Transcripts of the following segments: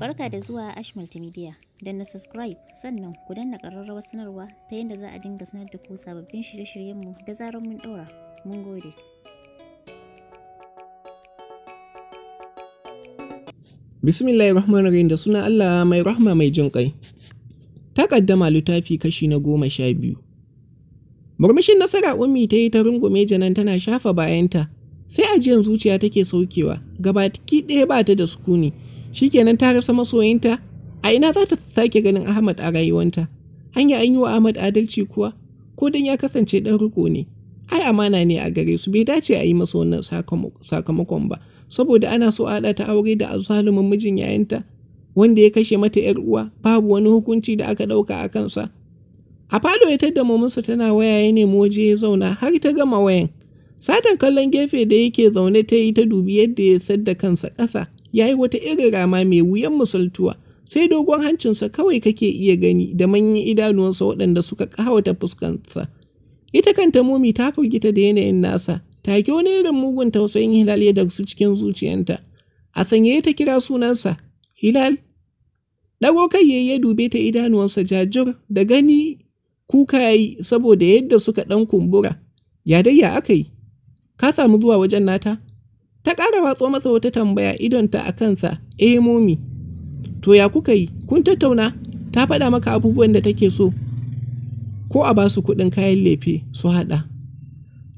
Barka da zuwa Ash Multimedia. Don na subscribe sannan ku danna ƙararrawar sanarwa ta yadda za a dinga sanar da ku sababbin shirye-shiryenmu da zarar mun ɗora. Mun gode. Bismillahir Rahmanir Rahim da suna Allah mai rahma mai jin ƙai. Takaddama littafi kashi na goma sha biyu. Murmushin nasara ummi ta yi ta rungume janan tana shafa bayanta sai ajiyan zuciya take saukewa gaba ɗaya ba ta da sukuni shikenan ta rasa masoyinta a ina za ta sake ganin Ahmad a rayuwanta hanya an yi wa Ahmad adalci kuwa ko dan ya kasance dan riko ne ai amana ne a gare su bai dace a yi masa wannan sakamakon ba saboda ana so a haɗa ta aure da azalumin mijin yayanta wanda ya kashe mata yar uwa babu wani hukunci da aka ɗauka a kansa a falo ya tadda mamansa tana waya ya nemi waje ya zauna har ta gama wayan satan kallon gefe da yake zaune ta yi ta dubi yadda ya sadda kansa ƙasa ya yi wata irin rama mai wuyan musaltuwa sai dogon hancinsa kawai kake iya gani da manyan idanuwansa waɗanda suka kawata fuskansa ita kanta Mumi ta firgita da yanayin nasa Ta ki wani irin mugun tausayin hilal ya su cikin zuciyanta a sanye ta kira sunansa hilal ɗago kai ya dube ta idanuwansa jajur da gani kuka yi." saboda yadda suka ɗan kumbura ya dai ya aka yi ka samu zuwa wajen nata Ta ƙara watso masa wata tambaya idonta a kansa, eh momi. To ya kuka yi, kun tattauna, ta faɗa maka abubuwan da take so, ko a ba su kuɗin kayan lefe su haɗa.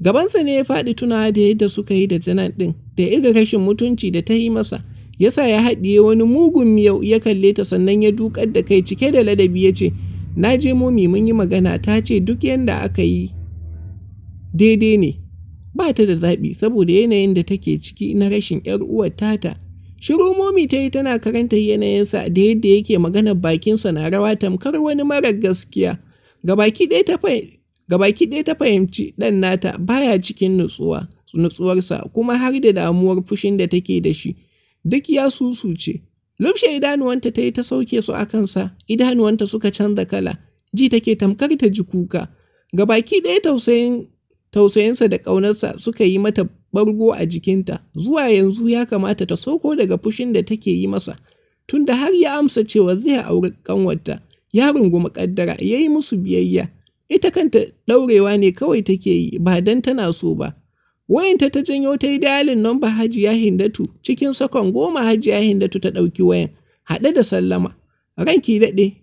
Gabansa ne ya faɗi tunawa da yadda suka yi da janan ɗin, da iga rashin mutunci da ta yi masa, yasa ya haɗiye wani mugun miyau ya kalle ta sannan ya dukar da kai cike da ladabi ya ce, na je momi mun yi magana ta ce duk yadda aka yi daidai ne ba ta da zaɓi saboda yanayin da take ciki na rashin 'yar uwar tata. Shiru momi ta yi tana karanta yanayinsa da yadda yake maganar bakinsa na rawa tamkar wani marar gaskiya. Gabaki ɗaya ta fahimci ɗan nata baya cikin nutsuwa, nutsuwarsa kuma har da damuwar fushin da take da shi. Duk ya susu ce. lubshe idanuwanta ta yi ta sauke su a kansa, idanuwanta suka canza kala, ji take tamkar ta ji kuka. Gabaki ɗaya tausayin tausayinsa da ƙaunarsa suka yi mata bargo a jikinta zuwa yanzu ya kamata ta sauko daga fushin da take yi masa tunda har ya amsa cewa zai auri ƙanwarta ya rungumi ƙaddara ya yi musu biyayya ita kanta ɗaurewa ne kawai take yi ba don tana so ba wayanta ta janyo ta yi dayalin namba hajiya hindatu cikin sakon goma hajiya hindatu ta ɗauki wayan haɗe da sallama ranki daɗe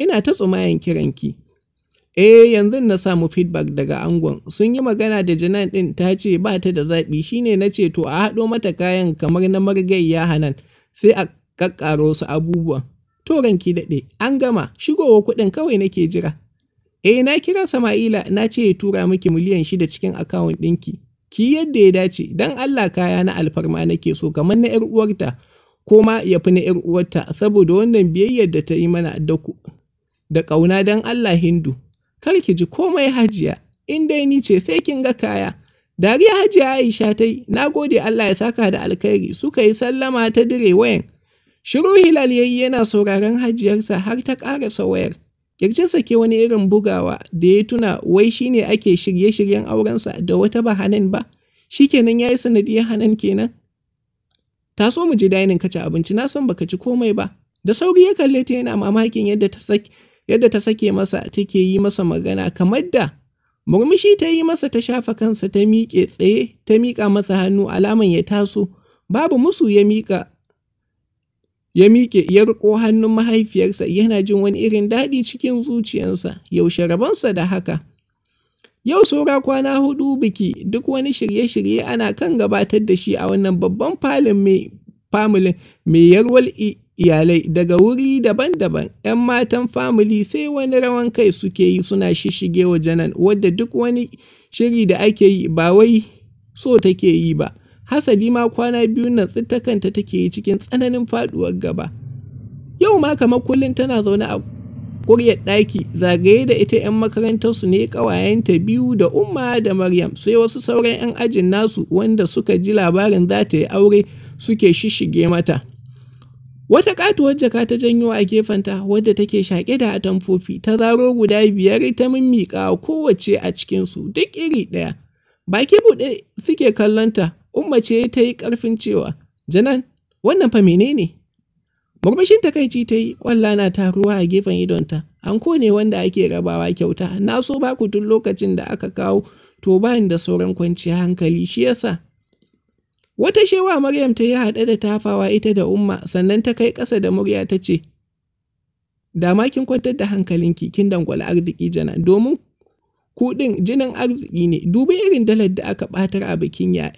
ina ta tsumayen kiranki Eh yanzu na samu feedback daga angon sun yi magana da Janan din ta ce ba ta da zaɓi shine na ce to a haɗo mata kayan kamar na margayya Hanan sai a ƙaƙƙaro su abubuwan. To ranki daɗe an gama shigowa kuɗin kawai nake jira. Eh na kira Sama'ila na ce ya tura miki miliyan shida cikin akawun ɗinki. Ki yadda ya dace dan Allah kaya na alfarma nake so kamar na ‘yar uwarta ko ma ya fi na ‘yar uwarta saboda wannan biyayyar da ta yi mana da ƙauna dan Allah Hindu. kar ki ji komai hajiya, in dai ni ce sai kin ga kaya. Dariya hajiya Aisha ta yi, na gode Allah ya saka da alkhairi suka yi sallama ta dire wayan. Shiru Hilal yayi yana sauraren hajiyarsa har ta ƙara wayar. Kirjinsa ke wani irin bugawa da ya tuna wai shi ne ake shirye-shiryen aurensa da wata ba hanan ba, shi kenan ya yi sanadiyar hanan kenan. Ta so mu ji dainin ka ci abinci na san baka ci komai ba, da sauri ya kalle ta yana mamakin yadda ta saki yadda ta sake masa take yi masa magana kamar da murmushi ta yi masa ta shafa kansa ta miƙe tsaye ta miƙa masa hannu alaman ya taso babu musu ya miƙa ya miƙe ya riko hannun mahaifiyarsa yana jin wani irin daɗi cikin zuciyarsa yaushe rabonsa da haka yau saura kwana hudu biki duk wani shirye-shirye ana kan gabatar da shi a wannan babban falin mai familin mai yarwal Iyalai daga wuri daban-daban, 'yan matan famili sai wani rawan kai suke yi suna shishige wa nan, wadda duk wani shiri da ake yi ba wai so take yi ba, hasali ma kwana biyu nan tsittakanta take yi cikin tsananin faduwar gaba. Yau ma kamar kullum tana zaune a kuryar ɗaki zagaye da ita 'yan makarantarsu ne ƙawayenta biyu da Umma da Maryam sai wasu sauran 'yan ajin nasu wanda suka ji labarin za ta yi aure suke shishige mata. Wata katuwar jaka ta janyo a gefenta wadda take shaƙe da atamfofi ta zaro guda biyar ta mimmiƙa kowace a cikinsu duk iri ɗaya. Baki buɗe suke kallonta, Umma ce ta yi ƙarfin cewa, Janan, wannan fa menene? Murmushin takaici ta yi ƙwalla na taruwa a gefen idonta, an kone wanda ake rabawa kyauta, na so ba ku tun lokacin da aka kawo to bani da sauran kwanciyar hankali shi yasa. Wata shewa Maryam ta yi haɗe da tafawa ita da Umma sannan ta kai ƙasa da murya ta ce, dama kin kwantar da hankalinki kin dangwala arziki jana domin kuɗin jinin arziki ne dubi irin dalar da aka ɓatar a bikin ya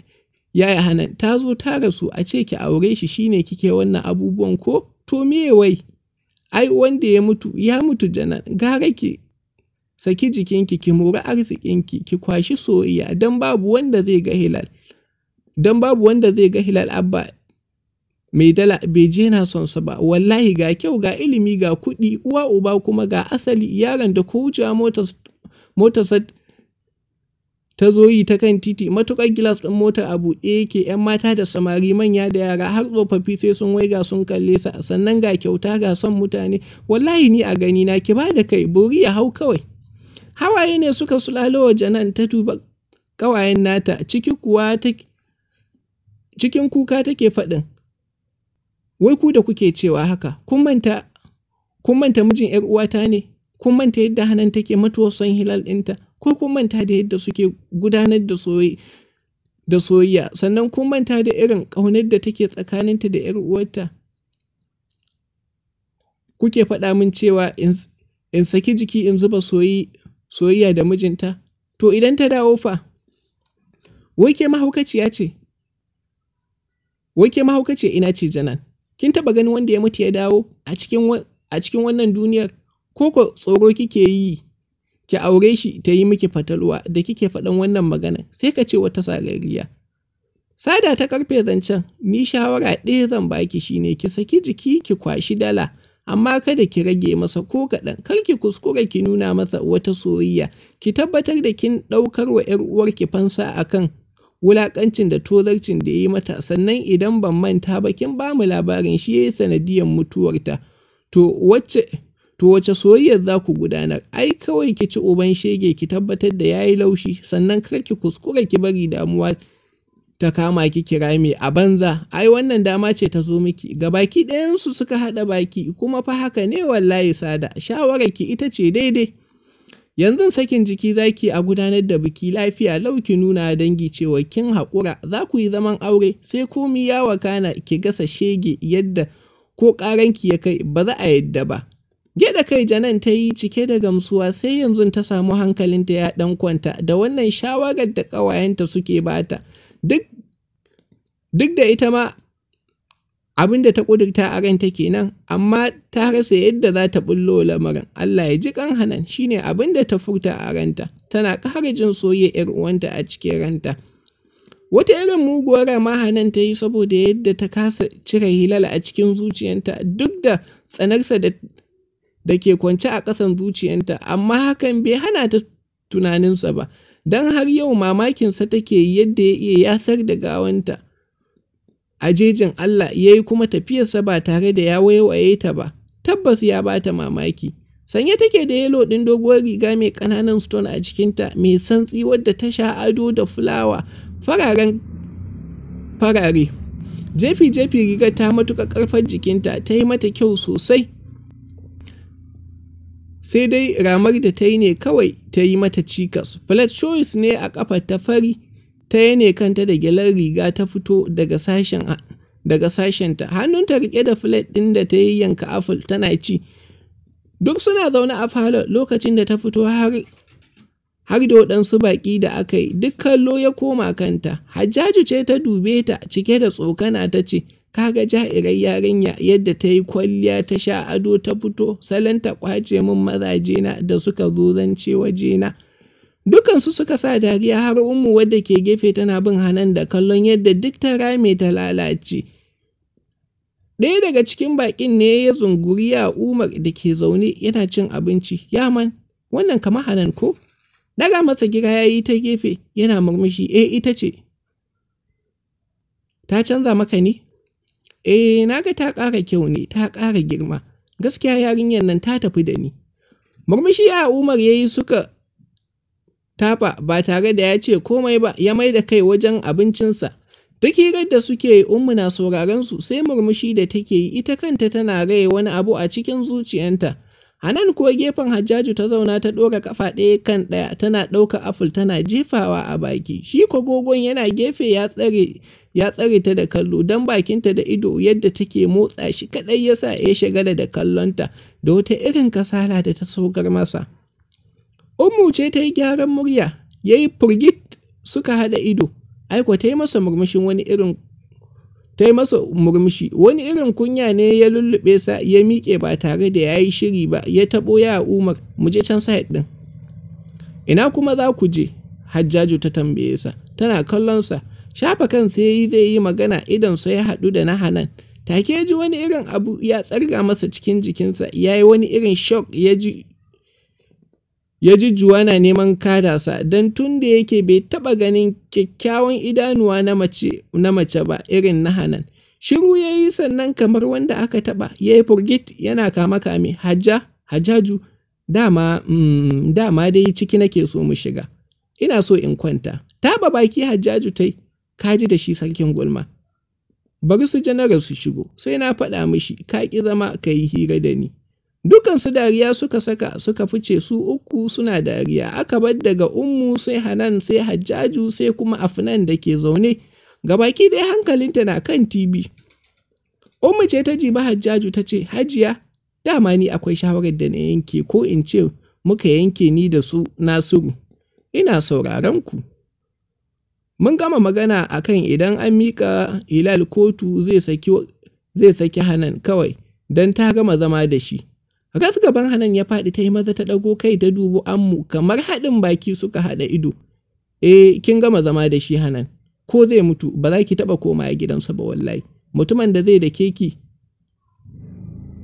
yaya hanan ta zo ta rasu a ce ki aure shi shine kike wannan abubuwan ko to me wai ai wanda ya mutu ya mutu jana, gara ki saki jikinki ki mori arzikinki ki kwashi soyayya don babu wanda zai ga hilal don babu wanda zai ga hilal abba mai dala bai je na son sa ba wallahi ga kyau ga ilimi ga kuɗi uwa uba kuma ga asali yaron da ko wuce motar ta zo yi ta kan titi matukar gilas ɗin motar a buɗe yake yan mata da samari manya da yara har tsofaffi sai sun waiga sun kalle sa sannan ga kyauta ga son mutane wallahi ni a gani na ki ba da kai bori ya hau kawai hawaye ne suka sulalo wa janan ta tuba ƙawayen nata ciki kuwa take cikin kuka take faɗin, Wai ku da kuke cewa haka, kun manta, mijin ‘yar uwata ne, kun manta yadda hannun take matuwa son hilal ɗinta, ko kun manta da yadda suke gudanar da soyayya. sannan kun manta da irin ƙaunar da take tsakaninta da ‘yar uwarta kuke faɗa min cewa in saki jiki in zuba soyayya da mijinta to idan ta dawo fa wai ke mahaukaciya ce Wai ke mahauka ce ina ce janan, kin taba ganin wanda ya mutu ya dawo a cikin wannan duniyar, ko ko tsoro kike yi ki aure shi ta yi miki fatalwa da kike faɗan wannan magana sai ka ce wata sarariya. Sada ta karfe zancen, ni shawara ɗaya zan baki shine ki saki jiki ki kwashi dala, amma kada ki rage masa ko kaɗan, kar ki kuskura ki nuna masa wata soyayya, ki tabbatar da kin ɗaukar wa ‘yar uwarki fansa akan wulakancin da tozarcin da ya yi mata sannan idan ban manta ba kin ba mu labarin shi yayi yi sanadiyar mutuwarta to wacce to wace soyayyar za ku gudanar ai kawai ki ci uban shege ki tabbatar da yayi laushi sannan kar ki kuskura ki bari damuwa ta kama ki kira me a banza ai wannan dama ce ta zo miki ga baki ɗayansu suka haɗa baki kuma fa haka ne wallahi sada Shawara ki ita ce daidai Yanzu sakin jiki zaki ki a gudanar da biki lafiya lauki nuna dangi cewa kin haƙura za ku yi zaman aure sai komi ya wakana ki gasa shege yadda ko ƙaranki ya kai ba za a yadda ba. Gyaɗa kai Janan ta yi cike da gamsuwa sai yanzu ta samu hankalinta ya ɗan kwanta da wannan shawarar da ƙawayenta suke bata. Duk da ita ma abin da ta ƙudurta a ranta nan, amma ta rasa yadda za ta bullo lamarin Allah ya ji kan hanan shine abin da ta furta a ranta tana ƙara jin soye yar uwanta a cikin ranta wata irin muguwar rama hanan ta yi saboda yadda ta kasa cire hilal a cikin zuciyanta duk da tsanarsa da da ke kwance a ƙasan zuciyanta amma hakan bai hana ta tunaninsa ba don har yau mamakinsa take yadda ya iya yasar da gawanta a jejin Allah ya yi kuma tafiyarsa ba tare da ya waiwaye ta ba, tabbas ya ba ta mamaki. Sanye take da yelo ɗin doguwar riga mai ƙananan stone a jikinta mai santsi wadda ta sha ado da fulawa fararen farare. Jefi-jefi rigar ta matuƙa ƙarfar jikinta ta yi mata kyau sosai. Sai dai ramar da ta yi ne kawai ta yi mata cikas. Flat choice ne a ƙafar ta fari ta ne kanta da gyalar riga ta fito daga sashen ta sashenta hannunta rike da filet ɗin da ta yi yanka afil tana ci duk suna zaune a falo lokacin da ta fito har har da waɗansu baƙi da aka yi duk kallo ya koma kanta hajjaju ce ta dube ta cike da tsokana ta ce kaga ja'irar yarinya yadda ta yi kwalliya ta sha ado ta fito salon ta ƙwace min na da suka zo zance waje na Dukansu suka sa dariya har umu wadda ke gefe tana bin Hanan da kallon yadda duk ta rame ta lalace. Ɗaya daga cikin baƙin ne ya zunguri ya Umar da ke zaune yana cin abinci. Yaman, wannan kama Hanan ko? Daga masa gira ya yi ta gefe yana murmushi, eh ita ce. Ta canza maka ne? Eh, na ga ta ƙara kyau ne, ta ƙara girma. Gaskiya yarinyar nan ta tafi da ni. Murmushi ya Umar ya yi suka Tafa ba tare da ya ce komai ba ya mai da kai wajen abincinsa. Duk hirar da suke yi ummu na su sai murmushi da take yi ita kanta tana raye wani abu a cikin zuciyanta. A nan kuwa gefen Hajjaju ta zauna ta ɗora kafa ɗaya kan ɗaya tana ɗauka aful tana jefawa a baki. Shi kwagogon yana gefe ya tsare ya tsare ta da kallo don bakinta da ido yadda take motsa shi kaɗai yasa ya shagala da kallonta da wata irin kasala da ta saukar masa. Ummu ce ta yi gyaran murya, ya yi firgit suka haɗa ido, aiko ta yi masa murmushin wani irin ta yi masa murmushi wani irin kunya ne ya lullube sa ya miƙe ba tare da ya yi shiri ba ya taɓo ya umar mu je can sa ɗin ina kuma za ku je hajjaju ta tambaye sa tana kallon sa shafa kan sai zai yi magana idan sa ya haɗu da na hanan take ji wani irin abu ya tsarga masa cikin jikinsa ya yi wani irin shock ya ji ya ji juwa na neman kada sa don tun da yake bai taɓa ganin kyakkyawan idanuwa na mace ba irin na hanan shiru ya yi sannan kamar wanda aka taba ya yi furgit yana kama kame hajja hajjaju mm, dama dai ciki nake so mu shiga ina so in kwanta taba baki hajjaju tai kaji da shi sarkin gulma bari su janaral su shigo sai na faɗa mishi ka ƙi zama ka yi hira da ni Dukansu dariya suka saka suka fice su uku suna dariya aka bar daga ummu sai hanan sai hajjaju sai kuma afnan da ke zaune gabaki dai hankalinta na kan tibi. Ummu ce ta jiba hajjaju ta ce hajiya dama ni akwai shawarar da na yanke ko in ce muka yanke ni da su nasiru ina sauraron ku. Mun gama magana akan idan an mika ilal kotu zai saki hanan kawai don ta gama zama da shi. Ras gaban Hanan ya faɗi ta yi maza ta ɗago kai ta dubu ammu kamar haɗin baki suka haɗa ido. Eh kin gama zama da shi Hanan ko zai mutu ba za ki taɓa koma a gidansa ba wallahi mutumin da zai da keki.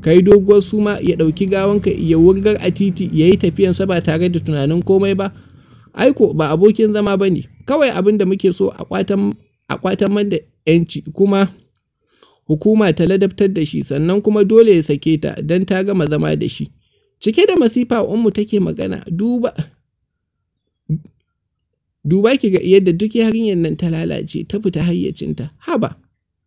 Kai doguwar suma ya ɗauki gawanka ya wurgar a titi ya yi tafiyansa ba tare da tunanin komai ba. Aiko ba abokin zama ba ne kawai abin da muke so a kwatan man da 'yanci kuma. hukuma ta ladabtar da shi sannan kuma dole ya sake ta don ta gama zama da shi cike da masifa unmu take magana duba duba ki ga yadda duk yarinyar nan ta lalace ta fita hayyacinta haba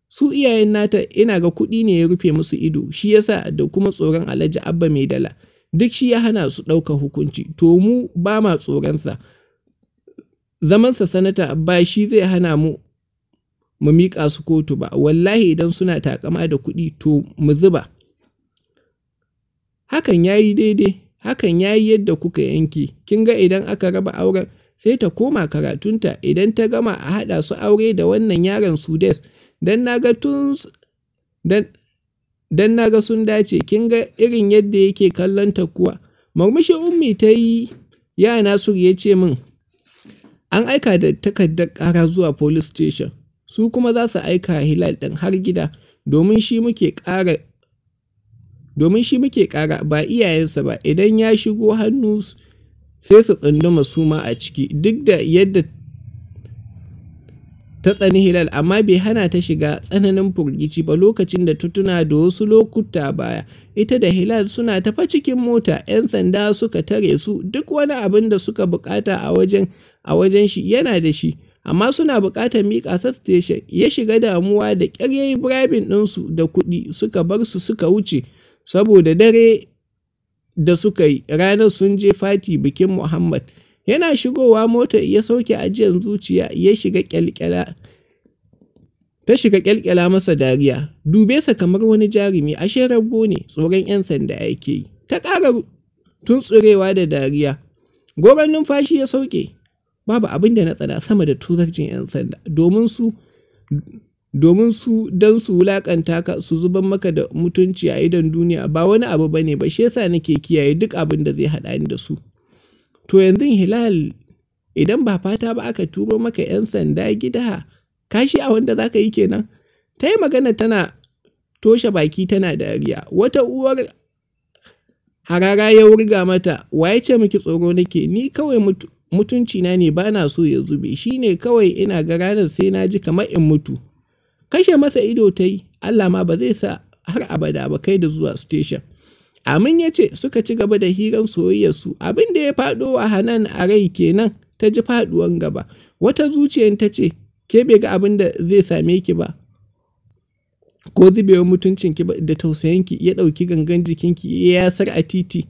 su iyayen nata ina ga kuɗi ne ya rufe musu ido shi yasa da kuma tsoron alhaji abba mai dala duk shi ya hana su ɗauka hukunci to mu ba ma tsoronsa zamansa sanata ba shi zai hana mu mu miƙa su kotu ba wallahi idan suna takama da kuɗi to mu zuba hakan ya yi daidai hakan ya yi yadda kuka yanke kin ga idan aka raba auren sai ta koma karatunta idan ta gama a haɗa su aure da wannan yaron sudes dan naga don na ga sun dace kin ga irin yadda yake kallon ta kuwa murmushin ummi ta yi yana su ya ce min an aika da takardar ƙara zuwa police station su kuma za su aika Hilal ɗin har gida domin shi muke ƙara ba iyayensa ba idan ya shigo hannu sai su tsunduma su ma a ciki duk da yadda ta tsani hilal amma bai hana ta shiga tsananin furgici ba lokacin da tutuna da wasu lokuta baya ita da hilal suna tafa cikin mota 'yan sanda suka tare su duk wani abin da suka bukata a wajen shi yana da shi amma suna buƙatar miƙa station ya shiga damuwa da ƙyar birabin ɗinsu da kuɗi suka bar su suka wuce saboda dare da suka yi ranar sun je fati bikin muhammad yana shigowa mota ya sauke ajiyar zuciya ya shiga ƙyalƙyala ta shiga ƙyalƙyala masa dariya dube sa kamar wani jarumi ashe rago ne tsoron 'yan sanda yake yi ta ƙara tuntsurewa da dariya goron numfashi ya sauke babu abin da na tsana sama da tuzarcin 'yan sanda domin su domin su don su wulakanta ka su zuban maka da mutunci a idon duniya ba wani abu ba ne ba shi yasa nake kiyaye duk abin da zai haɗa ni da su to yanzu hilal idan ba fata ba aka tuba maka 'yan sanda gida kashi a wanda za ka yi kenan ta yi magana tana toshe baki tana dariya wata uwar harara ya wurga mata waye ce miki tsoro nake ni kawai mutu mutunci na ne ba na so ya zube shi ne kawai ina ga ranar sai na ji kamar in mutu kashe masa ido ta yi allah ma ba zai sa har abada ba kai da zuwa station amin ya ce suka ci gaba da hirar soyayyarsu abin da ya faɗo wa hanan a rai kenan ta ji faɗuwan gaba wata zuciyar ta ce ke bai ga abin da zai same ki ba ko zubewar mutuncin ki da tausayinki ya ɗauki gangan jikinki ya yasar a titi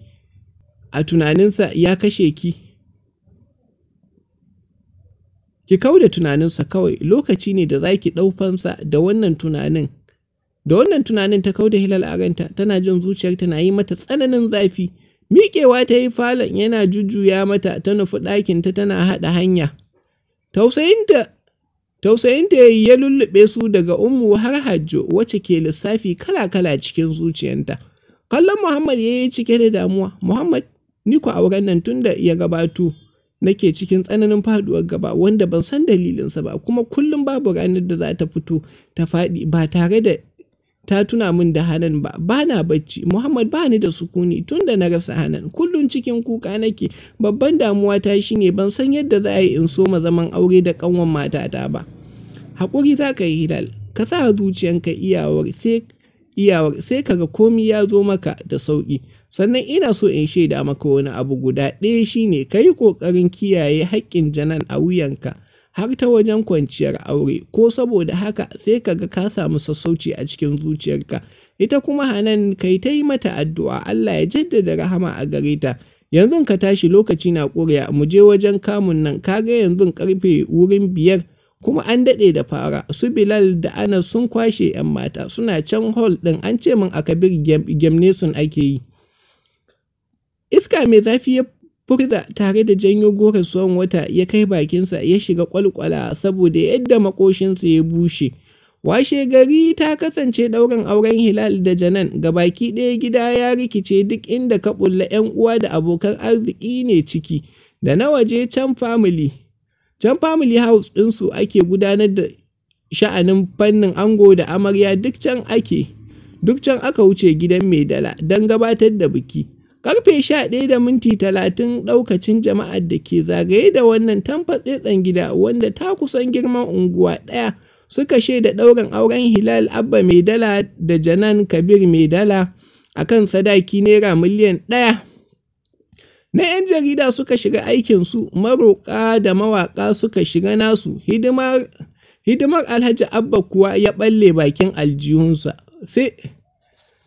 a tunaninsa ya kashe ki Ki kauda tunaninsa kawai, lokaci ne da za ki ɗau da wannan tunanin. Da wannan tunanin ta kauda Hilal a ta, tana jin zuciyar tana yi mata tsananin zafi. Miƙewa ta yi falon yana jujjuya mata ta nufi ɗakinta tana haɗa hanya. Tausayinta Tausayinta ya yi ya lullube su daga ummu har hajjo wacce ke lissafi kala-kala cikin zuciyanta. Kallon Muhammad ya yi cike da damuwa, Muhammad ni ku auren nan tun da ya gabato. nake cikin tsananin faduwar gaba wanda ban san dalilinsa ba kuma kullum babu ranar da za ta fito ta faɗi ba tare da ta tuna min da hanan ba ba na bacci muhammad ba ni da sukuni tun da na rasa hanan kullum cikin kuka nake babban damuwa ta shine ban san yadda za a yi in soma zaman aure da kanwan matata ba haƙuri za ka yi hilal ka sa zuciyanka iyawar sai iyawar sai kaga komi ya zo maka da sauƙi sannan ina so in shaida maka wani abu guda ɗaya shine ka yi ƙoƙarin kiyaye haƙƙin janan a wuyanka har ta wajen kwanciyar aure ko saboda haka sai ka ga ka samu sassauci a cikin zuciyarka ita kuma hanan kai ta yi mata addu'a Allah ya jaddada rahama a gare ta yanzu ka tashi lokaci na ƙuriya mu je wajen kamun nan ka ga yanzu karfe wurin biyar kuma an daɗe da fara su bilal da ana sun kwashe 'yan mata suna can hall ɗin an ce min a kabir gem, ake yi Iska mai zafi ya furza tare da janyo goron tsawon wata ya kai bakinsa ya shiga kwalkwala, saboda yadda maƙoshinsa ya bushe. Washe gari ta kasance ɗaurin auren Hilal da Janan ga baki ɗaya gida ya rikice duk inda ka ɓulla 'yan uwa da abokan arziki ne ciki da na waje can family. Can family house ɗinsu ake gudanar da sha'anin fannin ango da amarya duk can ake, duk can aka wuce gidan mai dala don gabatar da biki. Karfe ɗaya da minti talatin ɗaukacin jama'ar da ke zagaye da wannan tamfatsetsen gida wanda ta kusan girman unguwa ɗaya suka shaida ɗaurin auren Hilal Abba mai dala da Janan Kabir mai dala a kan sadaki naira miliyan ɗaya. Na 'yan jarida suka shiga aikinsu, maroƙa da mawaƙa suka shiga nasu, hidimar, hidimar Alhaji Abba kuwa ya ɓalle bakin aljihunsa. Sai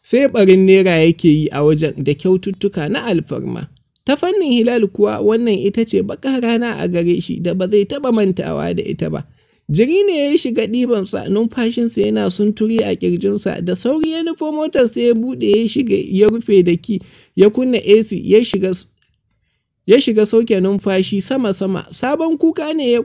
sai ɓarin naira yake yi a wajen da kyaututtuka na alfarma. Ta fannin Hilal kuwa wannan ita ce baƙa rana a gare shi da ba zai taɓa mantawa da ita ba. Jiri ne ya shiga ɗibansa numfashinsa yana sunturi a ƙirjinsa da sauri ya nufo sai ya buɗe ya shiga ya rufe da ki ya kunna AC ya shiga ya sauke numfashi sama-sama sabon kuka ne ya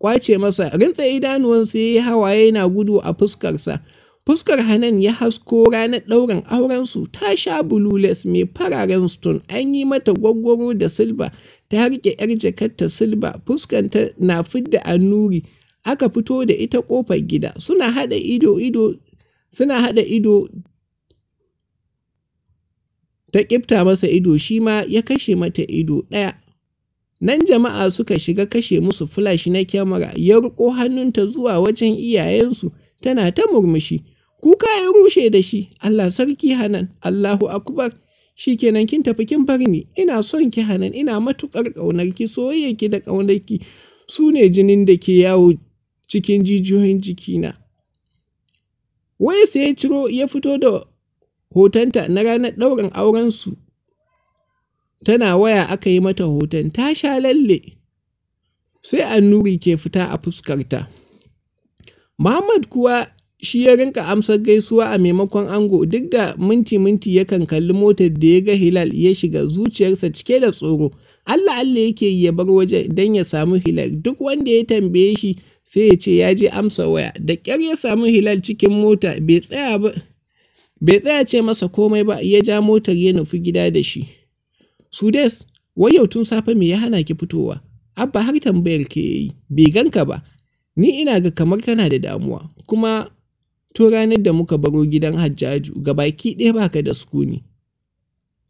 kwace masa rintsa idanuwansa ya yi hawaye na gudu a fuskarsa. Fuskar Hanan ya hasko ranar ɗaurin aurensu ta sha bulules mai fararen stone an yi mata gwaggwaro da silba ta riƙe 'yar jakarta silba fuskanta na fidda annuri aka fito da ita ƙofar gida suna haɗa ido ido suna haɗa ido ta ƙifta masa ido shi ma ya kashe mata ido ɗaya nan jama'a suka shiga kashe musu flash na kyamara ya riƙo hannunta zuwa wajen iyayensu tana ta murmushi kuka ya rushe da shi Allah sarki hanan Allahu akbar kenan kin tafi kin bar ni ina son ki hanan ina matukar ƙaunar ki soyayya ki da ƙaunar ki su ne jinin da ke yawo cikin jijiyoyin jikina waya sai ya ciro ya fito da hotonta na ranar ɗaurin aurensu tana waya aka yi mata hoton ta sha lalle sai annuri ke fita a fuskarta Muhammad kuwa shi ya rinka amsar gaisuwa a maimakon ango duk da minti-minti yakan kalli motar da ya ga Hilal ya shiga zuciyarsa cike da tsoro. Allah Allah yake yi ya bar wajen don ya samu Hilal duk wanda ya tambaye shi sai ya ce ya je amsa waya da kyar ya samu Hilal cikin mota bai tsaya ba bai tsaya ce masa komai ba ya ja motar ya nufi gida da shi. Sudes, wayau tun safe me ya hana ki fitowa? Abba har tambayar ke yi, bai ganka ba. Ni ina ga kamar kana da damuwa, kuma to ranar da muka baro gidan hajjaju ga baki ɗaya baka da sukuni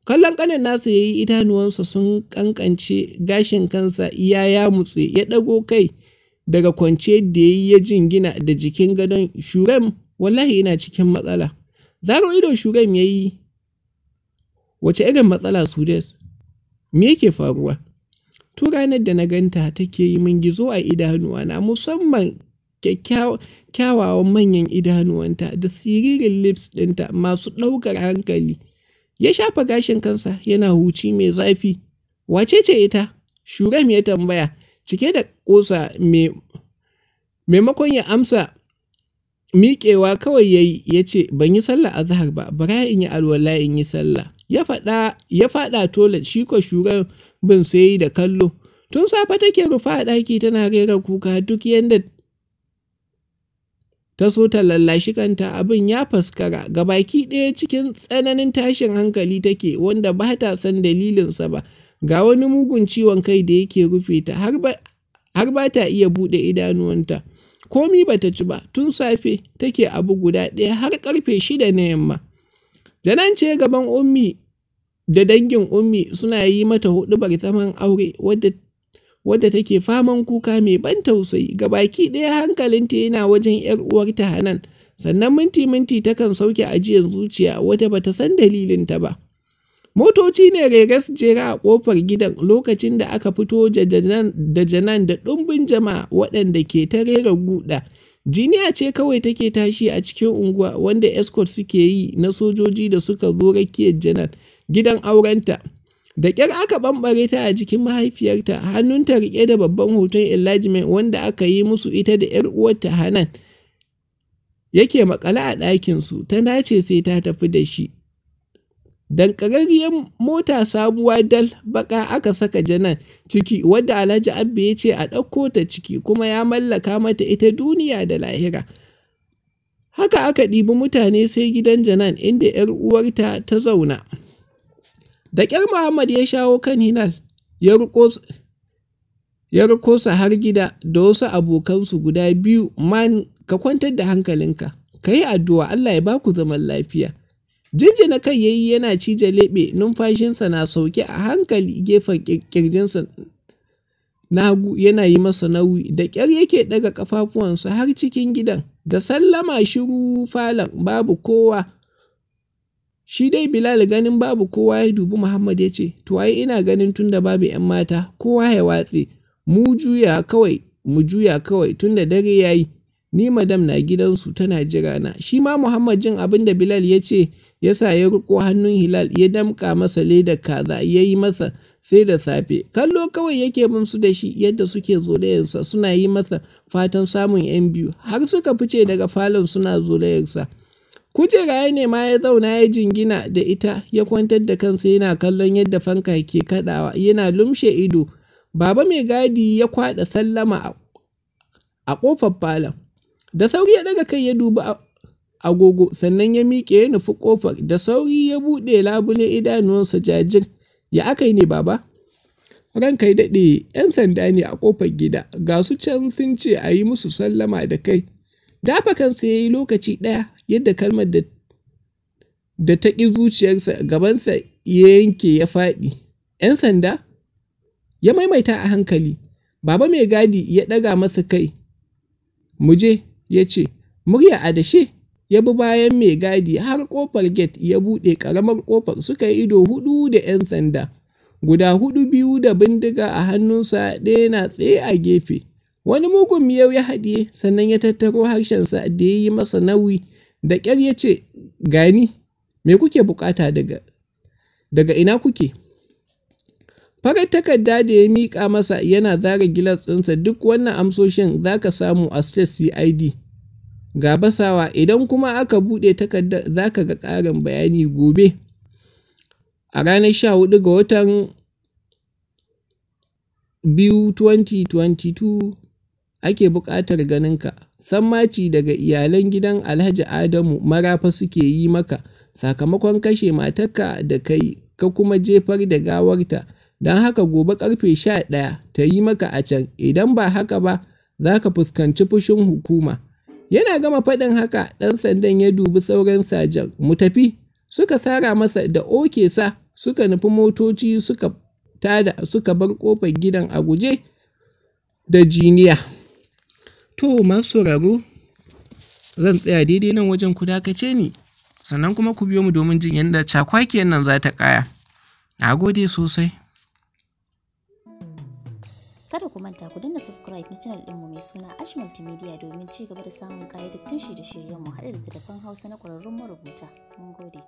kallon kanin nasa ya yi idanuwansa sun ƙanƙance gashin kansa iya ya mutse ya ɗago kai daga kwance da ya yi ya jingina da jikin gadon shurem wallahi ina cikin matsala zaro ido shurem ya yi wace irin matsala su me yake faruwa to ranar da na ganta take yi min gizo a idanuwa na musamman kyawawan manyan idanuwanta da siririn lips ɗinta masu ɗaukar hankali. Ya shafa gashin kansa yana huci mai zafi. Wace ce ita? Shuram ya tambaya, cike da ƙosa maimakon ya amsa miƙewa kawai ya yi ya ce ban yi sallah zahar ba bara in yi alwala in yi sallah ya faɗa tola shi ko shuran bin sai da kallo tun safe take rufa a ɗaki tana rera kuka duk yadda ta so ta lallashi kanta abin ya faskara ga baki ɗaya cikin tsananin tashin hankali take wanda ba ta san dalilinsa ba ga wani mugun ciwon kai da yake rufe ta har ba ta iya buɗe idanuwanta komi ba ta ci ba tun safe take abu guda ɗaya har karfe shida na yamma janance gaban ummi da dangin ummi suna yi mata huɗubar zaman aure wadda wadda take faman kuka mai ban tausayi ga baki ɗaya hankalinta yana wajen 'yar uwarta Hanan sannan minti-minti takan sauke ajiyar zuciya wata bata san dalilinta ba. Motoci ne su jera a ƙofar gidan lokacin da aka fito da janan da ɗumbin jama'a waɗanda ke ta rera guda. Jiniya ce kawai take tashi a cikin unguwa wanda escort suke yi na sojoji da suka zo rakiyar janan gidan aurenta. Da ƙyar aka ɓamɓare ta a jikin mahaifiyarta, hannunta riƙe da babban hoton enlargement wanda aka yi musu ita da ‘yar uwarta Hanan. Yake makala a ɗakinsu, ta nace sai ta tafi da shi. Dankararriyar mota sabuwa dal baka aka saka janan ciki wadda Alhaji Abba ya ce a ɗauko ta ciki kuma ya mallaka mata ita duniya da lahira. Haka aka ɗibi mutane sai gidan janan inda ‘yar uwarta ta zauna. Da ƙyar Muhammad ya shawo kan Hilal, ya riko sa har gida da wasu abokansu guda biyu man ka kwantar da hankalinka, ka yi addu'a Allah ya ba ku zaman lafiya. Jinjina kai ya yi yana cije leɓe numfashinsa na sauke a hankali gefen ƙirjinsa na hagu yana yi masa nauyi da ƙyar yake ɗaga ƙafafuwansu har cikin gidan da sallama shiru falon babu kowa. Shi dai Bilal ganin babu kowa ya dubi Muhammad ya ce, to ai ina ganin tunda babu 'yan mata kowa ya watse, mu juya kawai mu juya kawai tunda dare ya yi, ni madam na gidansu tana jira na. Shi ma Muhammad jin abin da Bilal ya ce ya sa ya riko hannun Hilal ya damka masa leda kaza ya yi masa sai da safe. Kallo kawai yake bin su da shi yadda suke zolayarsa suna yi masa fatan samun 'yan biyu har suka fice daga falon suna zolayarsa. Kujera ne ma ya zauna ya jingina da ita ya kwantar da kansa yana kallon yadda fanka ke kaɗawa yana lumshe ido. Baba mai gadi ya kwaɗa sallama a ƙofar falon. Da sauri ya ɗaga kai ya dubi agogo sannan ya miƙe ya nufi kofar da sauri ya buɗe labule idanuwansa jajir. Ya aka yi ne baba? Ranka ya daɗe 'yan sanda ne a kofar gida ga su can sun ce a yi musu sallama da kai. Dafa kansa ya yi lokaci ɗaya yadda kalmar da ta ƙi zuciyarsa gabansa ya yanke ya faɗi. ‘Yan sanda? Ya maimaita a hankali, baba mai gadi ya ɗaga masa kai. Muje, ya ce, murya a dashe, ya bi bayan mai gadi har ƙofar get ya buɗe ƙaramar ƙofar suka yi ido hudu da ‘yan sanda. Guda hudu biyu da bindiga a hannunsa ɗaya na tsaye a gefe. Wani mugun miyau ya haɗiye sannan ya tattaro harshensa da ya yi masa nauyi. Da ƙyar ya ce, Gani, me kuke bukata daga, daga ina kuke? Farar takarda da ya miƙa masa yana zara gilas ɗinsa duk wannan amsoshin za ka samu a state CID. Ga basawa idan kuma aka buɗe takarda za ka ga ƙarin bayani gobe. A ranar 14 ga watan biyu 2022 ake buƙatar ganinka. Sammaci daga iyalan gidan Alhaji Adamu Marafa suke yi maka sakamakon kashe matarka da kai ka kuma jefar da gawarta, don haka gobe karfe sha ɗaya ta yi maka a can, idan ba haka ba za ka fuskanci fushin hukuma. Yana gama faɗin haka ɗan sandan ya dubi sauran sajan mu tafi suka sara masa da oke sa suka nufi motoci suka tada suka bar ƙofar gidan a guje da jiniya. To masu sauraro zan tsaya daidai nan wajen ku dakace ni sannan kuma ku biyo mu domin jin yadda cakwakiyar nan za ta kaya. Na gode sosai. Kada ku manta ku danna subscribe na channel ɗinmu mai suna Ash Multimedia domin ci gaba da samun kayyadattun shirye-shiryenmu haɗe da telefon Hausa na ƙwararrun marubuta. Mun gode.